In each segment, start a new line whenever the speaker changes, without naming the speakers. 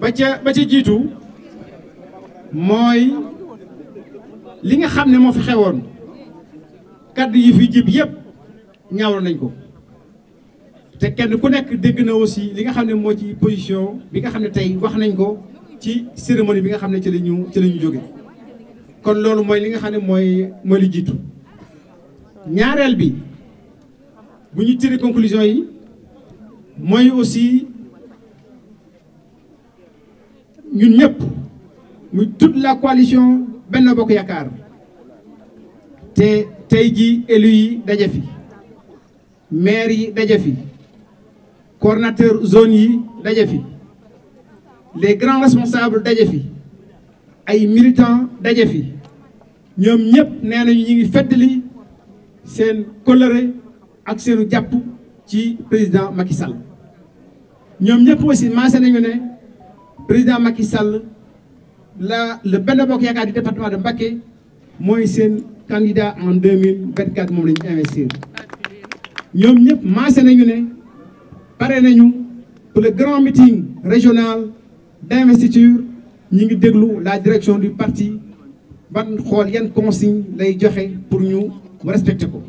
ba ca ba ca jiitu mooy li nga xam ne moo fi xewoon kaddu yi fi jib yëpp ñaawal nañ ko te kenn ku nekk dégg na aussi li nga xam ne moo ci position bi nga xam ne tey wax nañ ko ci cérémonie bi nga xam ne ci la ñu ci la ñu jóge kon loolu mooy li nga xam ne mooy mooy li jiitu ñaareel bi bu ñu tiré conclusion yi mooy aussi ñun ñëpp muy toute la coalition benn Bokk Yaakaar te tey jii élus yi dajafi maire yi dajafi fi coordonnateur zone yi daje fi les grands responsables daje fi ay militant dajafi ñoom ñëpp nee nañu ñu ngi feddali seen coloré ak seenu jàpp ci président Macky Sall ñoom ñëpp aussi maase nañu ne. président Macky Sall la le benn Bokk Yaakaar du département de Mbacké mooy seen candidat en 2024 moom la ñu investir ñoom ñëpp maase nañu ne pare nañu pour le grand meeting régional d'investiture ñu ngi déglu la direction du parti ban xool yan consigne lay joxe pour ñu respecter ko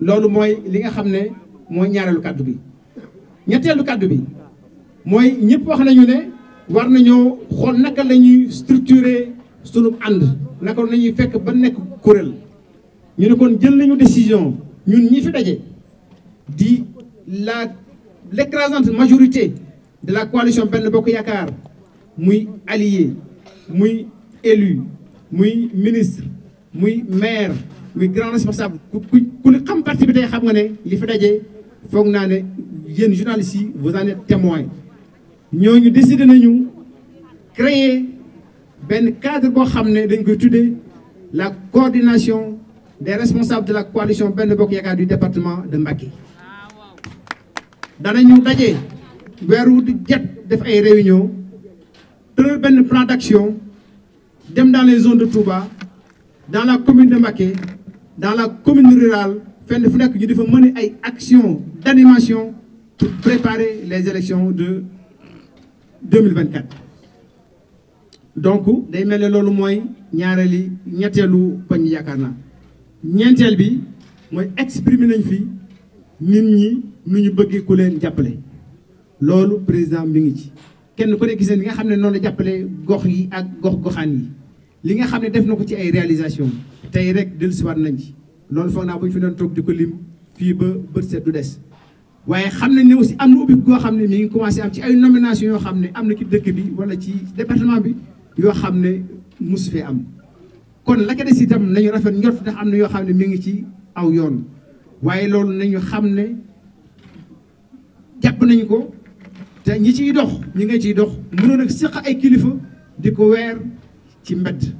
loolu mooy li nga xam ne mooy ñaareelu kàddu bi ñetteelu kàddu bi mooy ñëpp wax nañu ne war nañoo xool naka la ñuy structurer sunu ànd naka la ñuy fekk ba nekk kuréel ñu ne kon jël nañu décision ñun ñi fi daje di la l'écrasante majorité de la coalition Benno Bokk Yaakaar muy allié muy élu muy ministre muy maire muy grand responsable ku ku li xam parti bi tey xam nga ne li fi daje foog naa ne yéen journalistes yi vous en êtes ñoo ñooñu décidé nañu créer benn cadre boo xam ne dañ koy tuddee la coordination des responsables de la coalition Benno Bokk Yaakaar du département de Mbacké danañu daje weer wu jet def ay réunion tëral benn plan d'action dem dans les zones de Touba dans la commune de Mbacké dans la commune rurale fenn fu nekk ñu dafa mën ay action d'animation pour préparer les élections de 2024 donc day mel ne loolu mooy ñaareeli ñetteelu poñ bi yaakaar naa ñeenteel bi mooy exprimer nañ fi nit ñi nu ñu bëggee ku leen jàppale loolu président mi ngi ci kenn ku ne gis li nga xam ne noonu jàppale gox yi ak gox goxaan yi li nga xam ne def na ko ci ay réalisation tey rek si dellusiwaat nañ ji loolu foog naa bu ñu fi doon toog di ko lim fii ba bët set du des waaye xam nañ ne aussi am na ubbi goo xam ne mi ngi commencé am ci ay nomination yoo xam ne am na ci dëkk bi wala ci département bi yoo xam ne mosu fee am kon la ka des itam nañu rafet njort ndax am na yoo xam ne mi ngi ci aw yoon waaye loolu nañu xam ne jàpp nañ ko te ñi ciy dox ñi nga ciy dox mënoon ak séq ay kilifa di ko weer ci mbedd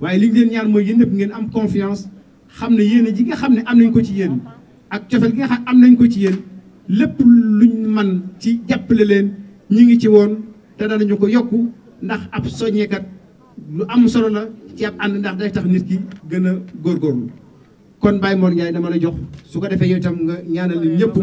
waaye li ñu leen ñaan mooy yéen ñëpp ngeen am confiance xam ne yéen ji xam ne am nañ ko ci yéen ak cofeel gi nga xam am nañ ko ci yéen lépp luñ man ci jàppale leen ñi ngi ci woon te ñu ko yokku ndax ab soñeekat lu am solo la ci ab ànd ndax day tax nit ki gën a góorgóorlu kon Baye Mor Ndiaye dama la jox su ko defee yow itam nga ñaanal leen ñëpp.